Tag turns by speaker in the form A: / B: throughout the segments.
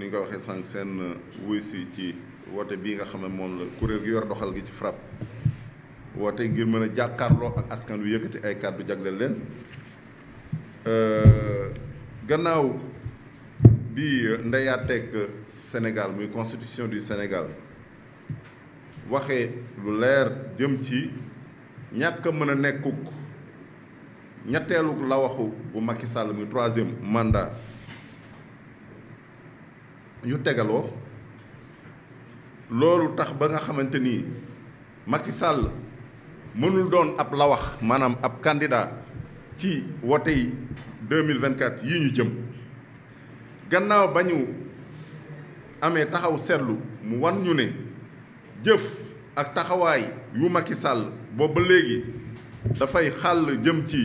A: ni nga waxe sank sen euh, wuy si ci wote bi nga xamne mom la kuréel gi yor doxal gi ci frap wote ngir meuna jakarlo ak askan wi yëkkati ay jaglel len euh gannaaw bi ndeyaateeg euh, senegal muy constitution du senegal waxe lu leer jëm ci ñak meuna mën a nekkuk ñetteeluk la waxu bu Macky Sall muy troisième mandat yu tegaloo loolu tax ba nga xamante ni makki sàll mënul doon ab lawax maanaam ab candidat ci wote yi 2024 yi ñu jëm gannaaw ba ñu amee taxaw seetlu mu wan ñu ne jëf ak taxawaay yu Macky sàll boobu ba léegi dafay xàll jëm ci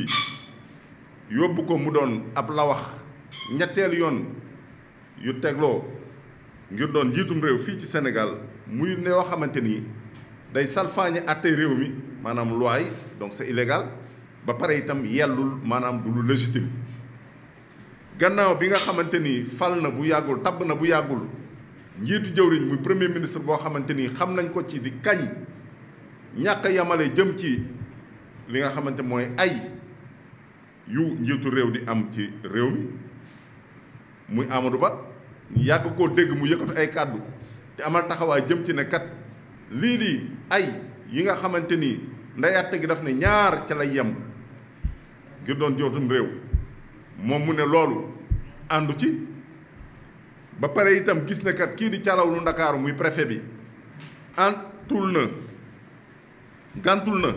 A: yóbbu ko mu doon ab lawax ñetteel yoon yu tegloo ngir doon jitum rew fi ci Senegal, muy ne yoo xamanteni day salfaañe atté rew mi manam loi yi donc c'est illégal ba paré itam yellul manam du lu légitime gannaaw bi nga xamanteni falna fal na bu yagul tabna na bu yagul njitu jeuwriñ muy premier ministre bo xamanteni ni xam nañ ko ci di kañ ñàkk yamale jëm ci li nga xamante moy ay yu njitu rew di am ci rew mi muy Amadou Ba yag ko deg mu yëkkatu ay kaddu te amal taxaway jëm ci ne kat li di ay yi ya nga xamanteni ya, ni gi daf ne ñaar ci la yem ngir don jotum rew mom mu ne loolu andu ci ba pare itam gis ne kat ki di lu dakar muy prefet bi antul na gantul na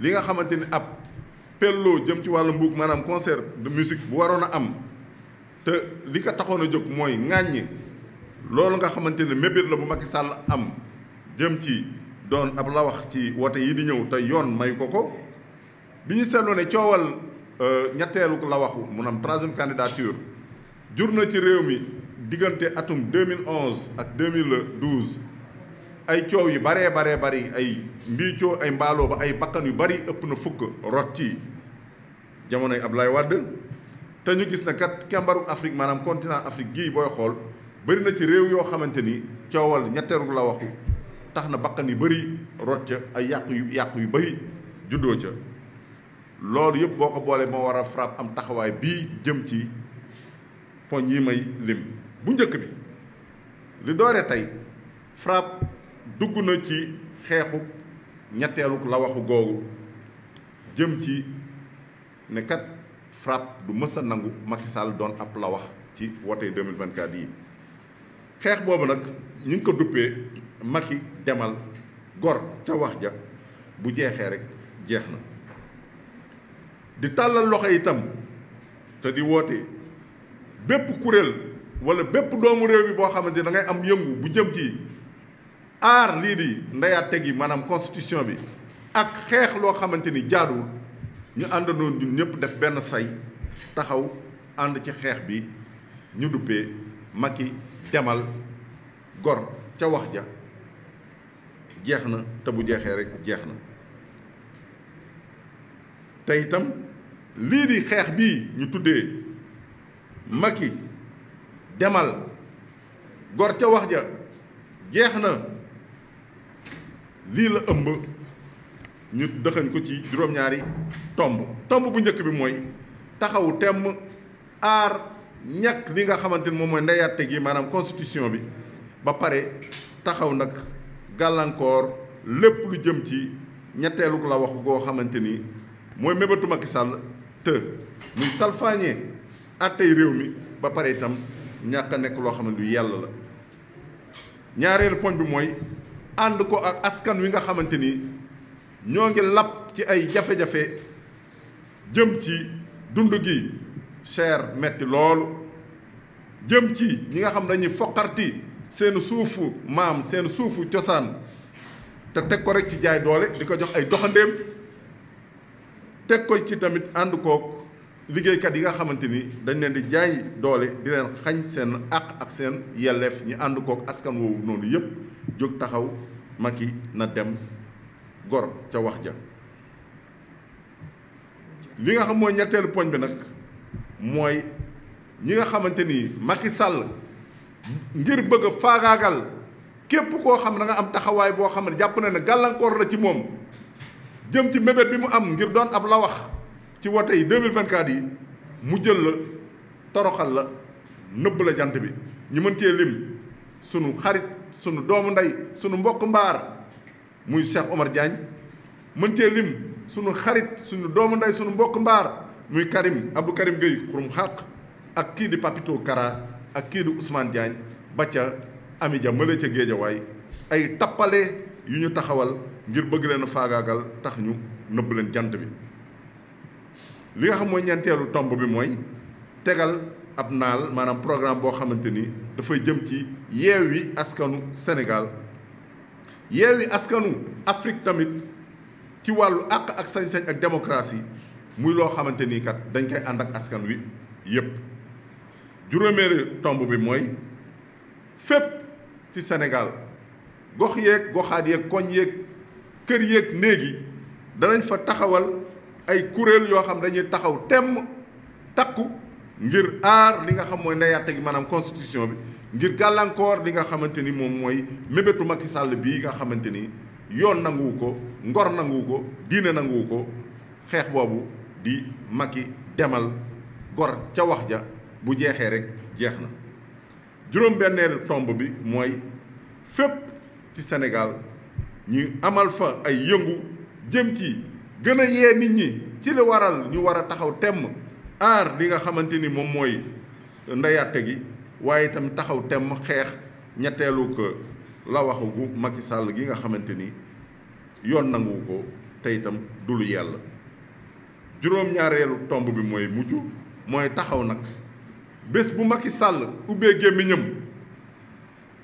A: li nga xamanteni ab pelloo jëm ci walu mbuk manam concert de musique bu warona am te li ko taxoon a jóg mooy ŋàññi loolu nga xamante ne mébét la bu Macky Sall am jëm ci doon ab la wax ci woote yi di ñëw te yoon may ko ko bi ñu seetloo ne coowal euh, ñetteelu la waxu mu am troisième jur na ci réew mi diggante atum 2011 ak 2012 ay coow yu baree baree bari ay mbii ay mbaaloo ba ay bakkan yu bari ëpp na fukk rot ci ab lay Wade té ñu gis na kat kembaru Afrique manam continent Afrique gi boy xol bari na ci réew yo xamanteni ciowal ñetteru la waxu taxna bakkani mawara frap ay yaq yu yaq yu bari juddo ca lool yëpp boko bolé mo wara frappe am taxaway bi jëm ci yi may lim bu ñëk bi li doore tay frappe dugg na ci xexu la waxu gogu jëm ci ne kat frap du mës nangu Macky Sall don ap la wax ci wote 2024 yi xex bobu nak ñu ko duppé Macky demal gor ca wax ja bu jeexee rek jeex di talal kurel itam te di woote bép kurel wala bép doomu réew bi bo xamanteni da ngay am yëngu bu jëm ci ar li di ndaya teg manam constitution bi ak xex lo xamanteni ni ñu àndandoo ñun ñëpp def benn say taxaw ànd ci xeex bi ñu duppee maki demal gor ca wax ja jeex na te bu jeexee rek jeex na te itam di xeex bii ñu tuddee maki demal gor ca wax ja jeex na la ëmb ñu dëxañ ko ci juróom-ñaari tomb tomb bu njëkk bi mooy taxaw temm aar ñàkk li nga xamante ni moom mooy ndeyaate gi maanaam constitution bi ba pare taxaw nag gàllankoor lépp lu jëm ci ñetteelu la wax goo xamante ni mooy mébétu Macky sàll te muy salfaañee àttey réew mi ba pare itam ñàkk a nekk loo xam ne lu yàlla la ñaareelu poñ bi mooy ànd ko ak askan wi nga xamante ni. ñoo ngi lab ci ay jafe-jafe jëm ci dund gi cher metti lool jëm ci ñi nga xam dañuy foqarti seen suufu maam seen suufu cosaan te teg ko rek ci jaay doole di ko jox ay doxandeem teg ko ci tamit ànd koog liggéeykat yi nga xamante ni dañ leen di jaay doole di leen xañ seen àq ak seen yelleef ñi ànd koog askan woowu noonu yépp jóg taxaw maki na dem gor ca wax ja li nga xam mooy ñetteelu poñ bi nag mooy ñi nga xamante ni Macky Sall ngir bëgg faagaagal képp koo xam ne nga am taxawaay boo xam ne jàpp na ne gàllankoor la ci moom jëm ci mébét bi mu am ngir doon ab lawax ci wote yi 2024 yi mu jël la toroxal la nëbb la jant bi ñu mën cee lim sunu xarit sunu doomu ndey sunu mbokk mbaar muy Cheikh Omar Diagne mën cee sunu xarit suñu doomu ndey suñu mbokk mbaar muy Karim Abdou Karim Gueye xurum xàq ak kii di Papito Kara ak kii di Ousmane Diagne ba ca Amidia mële ca Géejawaay ay tappale yu ñu taxawal ngir bëgg leen faagaagal tax ñu nëbb leen jant bi li nga xam ñeenteelu tomb bi mooy tegal ab naal maanaam programme boo xamante ni dafay jëm ci yi askanu Sénégal yeewi askanu Afrique tamit ci wàllu àq ak sañ-sañ ak démocratie muy loo xamante ni kat dañ koy ànd ak askan wi yépp juróomeeri tomb bi mooy fépp ci Sénégal gox yeeg goxaat yeeg koñ yeeg kër yeeg néegi yi danañ fa taxawal ay kuréel yoo xam dañuy taxaw temm takku ngir aar li nga xam mooy ndeyaate gi maanaam constitution bi ngir gàllankoor li nga xamanteni mom moy mebetu Macky Sall bi nga xamanteni yon nanguko ngor nanguku, dine diine nanguwu ko di Macky demal gor ca wax ja bu jexé rek jexna juroom tombe bi moy fep ci Sénégal ñi amal fa ay yëngu jëm ci gëna yé yee nit ñi ci li waral ñu wara taxaw tem ar li nga xamanteni mom moy gi waye itam taxaw tem xex ñettelu ko la waxagu Macky Sall gi nga yon yon nangu ko tay tam du lu yàlla juróom-ñaareelu tomb bi moy muju moy taxaw nak bes bu Macky Sall ubbee gémmiñam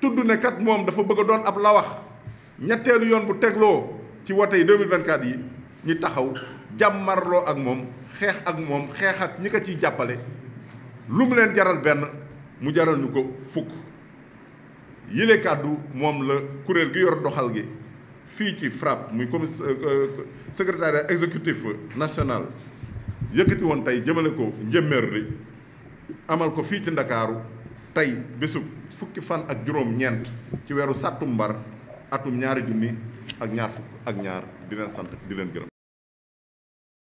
A: tuddu ne kat mom dafa bëgg doon ab wax ñettelu yon bu teglo ci watay 2024 yi ñi taxaw jamarlo ak mom xex ak mom xex ak ñi ka ci jappalé lu leen jaral ben mu jaral ñu ko fukk yile kàddu moom la kuréel gi yor doxal gi fii ci FRAPP muy commis euh, euh, secrétariat exécutif national yëkkati woon tey jëmale ko njëmméer li amal ko fii ci ndakaaru tey bésu fukki fan ak juróom-ñeent ci weeru sàttumbar atum ñaari junni ak ñaar fukk ak ñaar di leen sant di leen gërëm